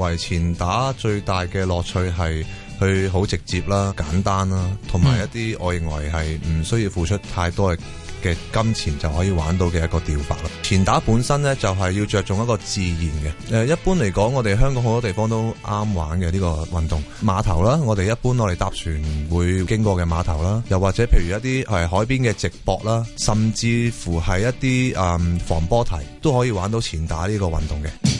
為前打最大嘅樂趣係去好直接啦、簡單啦，同埋一啲我認為係唔需要付出太多嘅嘅金錢就可以玩到嘅一個釣法啦。前打本身呢，就係要着重一個自然嘅。誒，一般嚟講，我哋香港好多地方都啱玩嘅呢個運動，碼頭啦，我哋一般我哋搭船會經過嘅碼頭啦，又或者譬如一啲係海邊嘅直駁啦，甚至乎係一啲誒、嗯、防波堤都可以玩到前打呢個運動嘅。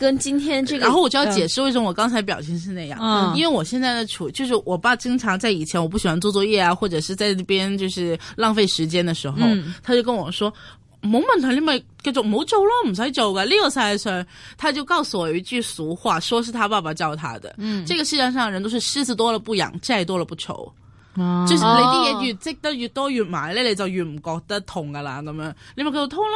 跟今天這個，然後我就要解釋為什麼我剛才表情是那樣。嗯，因為我現在的處就是，我爸經常在以前，我不喜歡做作業啊，或者是在那邊就是浪費時間的時候，嗯、他就跟我說，冇、嗯、問題，你們叫做冇做咯，唔使做噶。呢、這個世他就告訴我一句俗話，說是他爸爸教他的。嗯，這個世界上人都是虱子多了不癢，債多了不愁、嗯。就是你啲嘢越積得越多越埋，你就越唔覺得痛噶啦咁樣，你咪叫我痛咯。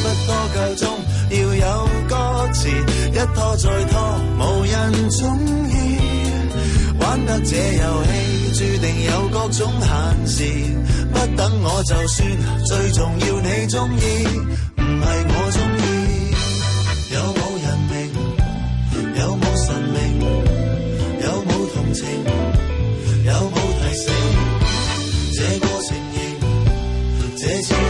不多夠鐘，要有歌詞，一拖再拖，無人鍾意。玩得這遊戲，注定有各種限時，不等我就算，最重要你鍾意，唔係我鍾意。有冇人明？有冇神明？有冇同情？有冇提醒？這過程這次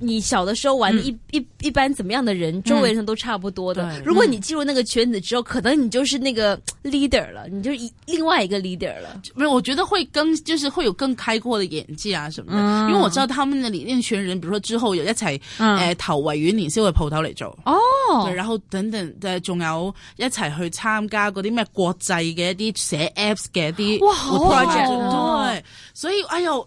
你小的時候玩、嗯、一一一般怎麼樣的人，嗯、周圍人都差不多的。如果你進入那個圈子之後、嗯，可能你就是那個 leader 了，你就是另外一個 leader 了。沒有，我覺得會更，就是會有更開闊的眼界啊什麼的、嗯。因為我知道他們那裏那群人，比如說之後有一齊誒、嗯呃、投維園年宵嘅鋪頭來做哦，然後等等再仲有一齊去參加嗰啲咩國際嘅一啲寫 apps 嘅一啲 project 哇好，好、啊、對，所以哎呦。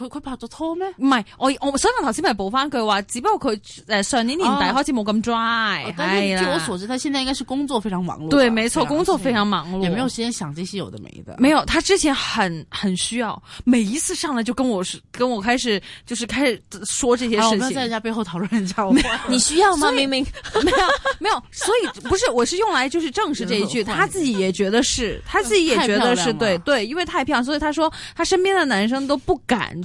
佢佢拍咗拖咩？唔係，我我所以，我頭先咪補翻句話，只、嗯、不過佢誒上年年底開始冇咁 dry。但係據我所知，他現在應該是工作非常忙碌。對，沒錯、啊，工作非常忙碌，也沒有時間想這些有的沒的。沒有，他之前很很需要，每一次上來就跟我是跟我開始就是開始說這些事情。不、啊、要在人家背後討論人家，你需要嗎？明明 沒有沒有，所以不是，我是用來就是證實這一句，他自己也覺得是，他自己也覺 得是對對，因為太漂亮，所以他說他身邊的男生都不敢。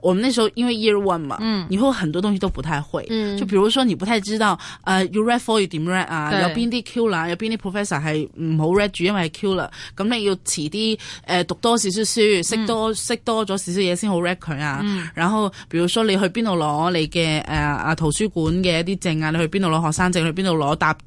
我們那時候因為 year one 嘛，你、嗯、後很多東西都不太會，嗯、就比如說你不太知道，誒、呃、you read for you 點 read 啊，有邊啲 i e Q 啦，有邊啲 professor 係唔、呃、好 read 住、啊，因為係 Q 啦，咁你要遲啲誒讀多少少書，識多識多咗少少嘢先好 read 佢啊，然後，比如說你去邊度攞你嘅誒誒圖書館嘅一啲證啊，你去邊度攞學生證，去邊度攞搭。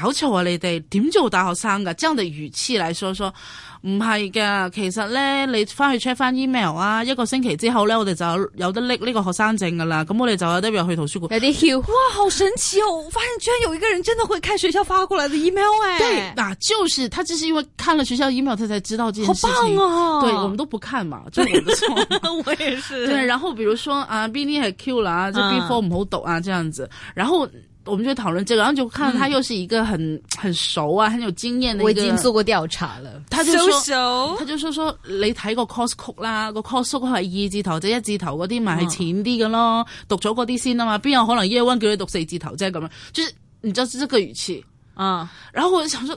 搞錯啊你！你哋點做大學生噶？將我哋如此嚟說說唔係噶。其實咧，你翻去 check 翻 email 啊，一個星期之後咧，我哋就有有得拎呢個學生證噶啦。咁我哋就有得入去圖書館。有啲 Q，哇，好神奇哦！我發現居然有一個人真的會看學校發過來的 email 誒。對，嗱，就是他，只是因為看了學校 email，他才知道這件事情。好棒哦、啊！對，我們都不看嘛，就我的錯。 我也是。對，然後比如說啊，邊啲係 Q 啦，即係 B four 唔好讀啊，這樣子，嗯、然後。我們就討論這個，然後就看到他又是一個很很熟啊，很有經驗的一、那個、我已經做過調查了，他就說，他就說說你睇個 course code 啦，個 course code 係二字頭就一字頭嗰啲，咪係淺啲噶咯，嗯、讀咗嗰啲先啊嘛，邊有可能 year one 叫你讀四字頭啫咁、就是、樣，是你知道是這個語氣啊。然後我就想說。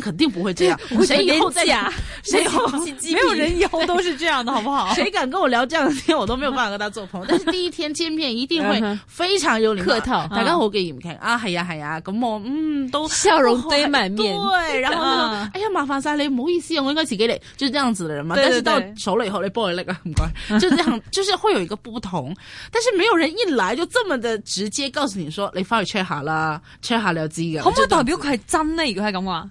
肯定不會這樣。誰以後再講？誰？沒有人以後都是這樣的，好不好？誰敢跟我聊這樣的天，我都沒有辦法跟他做朋友。 但是第一天見面一定會非常有禮 客套，大家好給你們看啊，係啊係啊，咁我嗯都笑容堆滿面。對，然後、啊、哎呀，麻煩晒你，唔好意思，我應該自己嚟，就是這樣子的人嘛對對對。但是到熟了以後，你 boy 那個很乖， 就這樣，就是會有一個不同。但是沒有人一來就這麼的直接告訴你說，你翻去 check 下啦，check 下你又知噶。可唔可以代表佢係真呢？如果係咁話？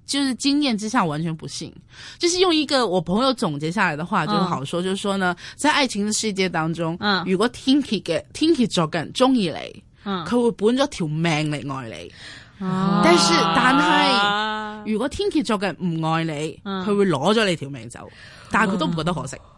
就是經驗之下，完全不信。就是用一個我朋友總結下來的話，就是、好說、嗯，就是說呢，在愛情的世界當中，嗯，如果天蠍嘅天蠍座嘅人中意你，嗯，佢會本咗條命嚟愛你，啊。但是，但係如果天蠍座嘅人唔愛你，佢、嗯、會攞咗你條命走，但係佢都唔覺得可惜。嗯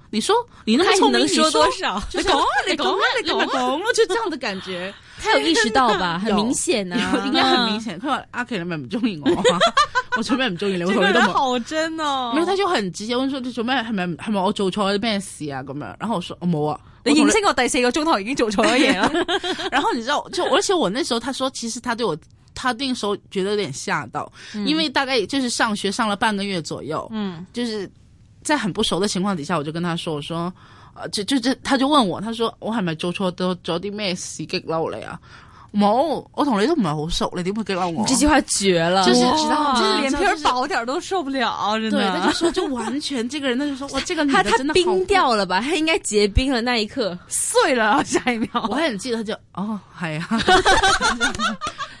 你說你那麼聰明，你說多少？你懂啊，啊，啊，你懂啊，你懂了，就這樣的感覺。他有意識到吧？ 很明顯呐、啊， 應該很明顯。他說：“阿、啊、奇，你咪唔中意我？我做咩唔中意你？我從來都冇。好真哦！然後他就很直接問說：“你做咩？係咪係咪我做錯一咩事啊？”咁樣，然後我說：“冇啊。”你認識我第四個鐘頭已經做錯嘢啦。然後你知道，就而且我那時候他說，其實他對我，他那個時候覺得有點嚇到、嗯，因為大概就是上學上了半個月左右，嗯，就是。在很不熟的情況底下，我就跟他說：“我說，呃、啊，就就就，他就問我，他說，我係咪做錯做啲咩事激嬲你啊？冇，我同你都唔係好熟，點會激嬲我？”這句話絕了，就是知道，是就是臉皮薄，薄點都受不了，真的。對他就說，就完全 這個人，他就說，我這個的真的他他冰掉了吧？他應該結冰了那一刻碎了、啊，下一秒。我還很記得，他就哦，哎呀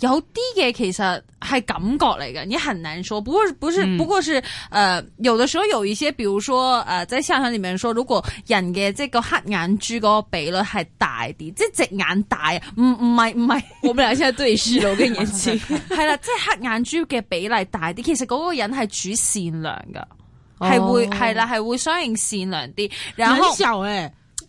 有啲嘅其實係感覺嚟嘅，你很難說。不過不是，不過是，誒、嗯呃，有的時候有一些，比如說，誒、呃，在相場裏面說，如果人嘅即係個黑眼珠嗰個比率係大啲，即係隻眼大，唔唔係唔係， 我們倆現在對視到嘅嘢，係 意 啦，即、就、係、是、黑眼珠嘅比例大啲，其實嗰個人係主善良噶，係、哦、會係啦，係會相應善良啲，然後候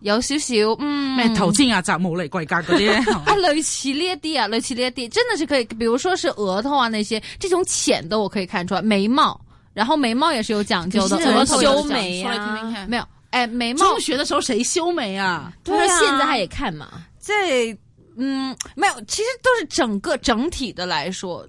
有少少，咩頭尖額窄、冇嚟貴格嗰啲，啊，類似呢一啲啊，類似呢一啲，真的是可以，比如說是額頭啊，那些這種淺的我可以看出來，眉毛，然後眉毛也是有講究的，修眉啊頭聽聽，沒有，誒、哎，眉毛，中學的時候誰修眉啊？對啊，現在他也看嘛？這，嗯，沒有，其實都是整個整體的來說。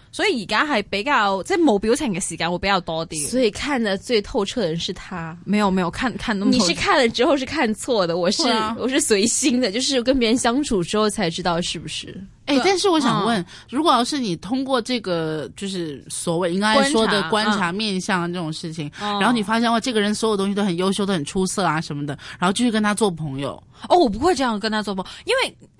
所以而家係比較在某冇表情嘅時間，我比較多啲。所以看得最透徹嘅人是他。沒有沒有，看看多。你是看了之後是看錯的，我是，啊、我是隨心的，就是跟別人相處之後才知道是不是。誒、欸，但是我想問，嗯、如果要是你通過這個，就是所謂應該說的觀察，觀察，觀察面相啊，這種事情，嗯，然後你發現話，這個人所有東西都很優秀，都很出色啊，什麼的，然後繼續跟他做朋友。哦，我不會這樣跟他做朋友，因為。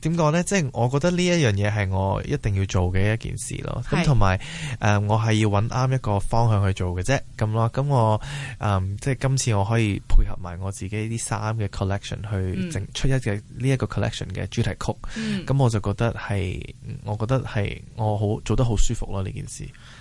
點講呢？即係我覺得呢一樣嘢係我一定要做嘅一件事咯。咁同埋誒，我係要搵啱一個方向去做嘅啫。咁咯，咁我誒，即係今次我可以配合埋我自己啲衫嘅 collection 去整出一嘅呢一個、嗯、這個、collection 嘅主題曲。咁、嗯、我就覺得係，我覺得係我好做得好舒服咯呢件事。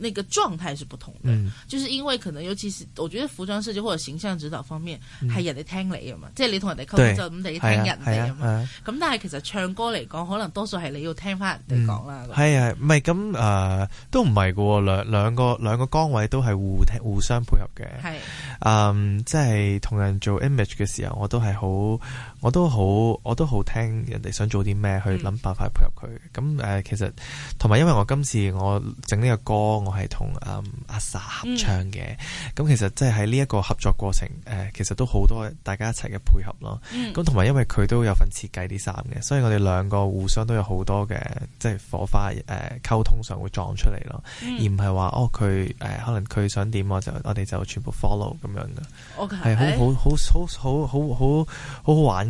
那個狀態是不同的、嗯，就是因為可能，尤其是我覺得服裝設計或者形象指導方面係人哋，係、嗯、要你，你聽你嘅嘛。即係你同人哋溝，叫乜嘢聽人哋咁。咁、啊啊、但係其實唱歌嚟講，可能多數係你要聽翻人哋講啦。係、嗯、啊，唔係咁誒，都唔係嘅，兩兩個兩個崗位都係互互相配合嘅。係、啊嗯，即係同人做 image 嘅時候，我都係好。我都好，我都好聽人哋想做啲咩，去諗辦法配合佢。咁、嗯、誒、呃，其實同埋，因為我今次我整呢個歌，我係同、嗯、阿 Sa 合唱嘅。咁、嗯嗯、其實即係喺呢一個合作過程，誒、呃，其實都好多大家一齊嘅配合咯。咁同埋，因為佢都有份設計啲衫嘅，所以我哋兩個互相都有好多嘅即係火花誒溝、呃、通上會撞出嚟咯、嗯。而唔係話哦，佢誒、呃、可能佢想點，我就我哋就全部 follow 咁樣嘅，係、Okay. 好好好好好好好好好玩。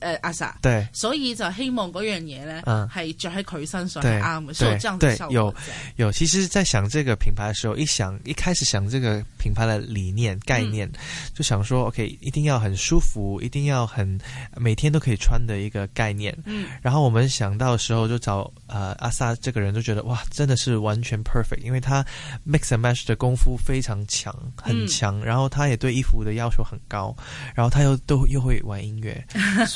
呃、uh, 阿 Sa，對，所以就希望嗰樣嘢呢，嗯，係着喺佢身上係啱嘅，所以這樣子受。有對有，其實，在想這個品牌的時候，一想一開始想這個品牌的理念概念、嗯，就想說，OK，一定要很舒服，一定要很每天都可以穿的一個概念。嗯，然後我們想到嘅時候就找，呃阿 Sa，這個人就覺得，哇，真的是完全 perfect，因為他 mix and match 的功夫非常強，很強、嗯，然後他也對衣服的要求很高，然後他又都又會玩音樂。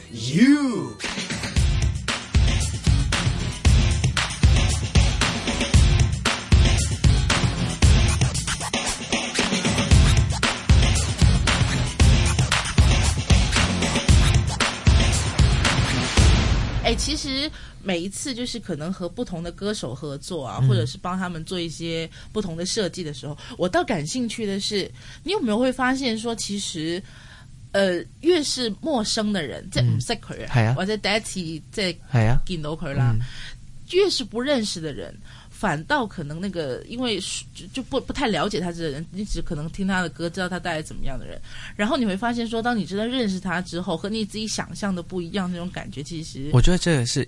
就是可能和不同的歌手合作啊，或者是幫他們做一些不同的設計的時候，嗯、我倒感興趣的是，你有沒有會發現說，其實，呃，越是陌生的人，在、嗯，唔、嗯、識佢啊，係啊，或者 d 一次即係啊 o 到佢啦，越是不認識的人，反倒可能那個因為就不就不,不太了解他這個人，你只可能聽他的歌，知道他大概怎麼樣的人。然後你會發現說，當你真的認識他之後，和你自己想象的不一樣，那種感覺，其實我覺得這也是。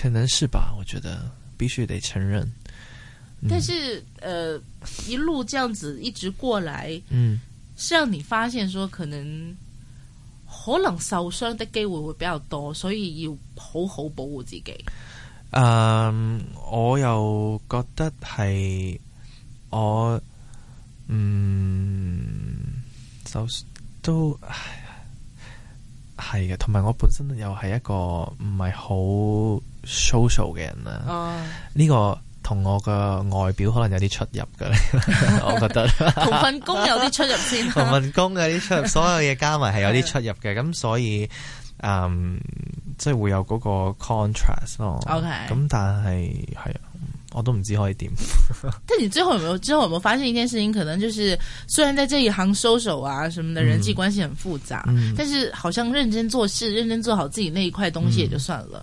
可能是吧，我覺得必須得承認、嗯。但是，呃，一路這樣子一直過來，嗯，是讓你發現說可能可能受傷的機會會比較多，所以要好好保護自己。Um, 我又覺得係我嗯，就都係嘅，同埋我本身又係一個唔係好。social 嘅人啦，呢、oh. 個同我嘅外表可能有啲出入嘅， 我覺得同份工有啲出入先、啊，同份工有啲出入， 所有嘢加埋係有啲出入嘅，咁所以嗯，即、就、係、是、會有嗰個 contrast 咯、okay.。OK，咁但係係，我都唔知可以點。但你最後有冇有？最後有沒有發現一件事情？可能就是雖然在這一行 social 啊，什麼的人際關係很複雜，mm. 但是好像認真做事、mm. 認真做好自己那一塊東西也就算了。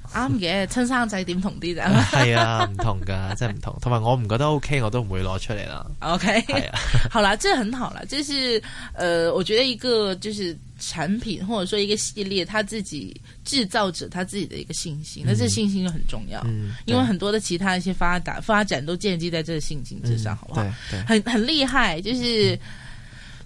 啱嘅，親生仔點同啲咋？係啊，唔、啊、同噶，真係唔同。同 埋我唔覺得 OK，我都唔會攞出嚟啦。OK，、啊、好啦，即係很好啦，即、就是呃我覺得一個就是產品，或者說一個系列，他自己製造者他自己的一個信心，嗯、那這個信心就很重要、嗯，因為很多的其他一些發達發展都建基在這個信心之上，好不好、嗯？對，很很厲害，就是。嗯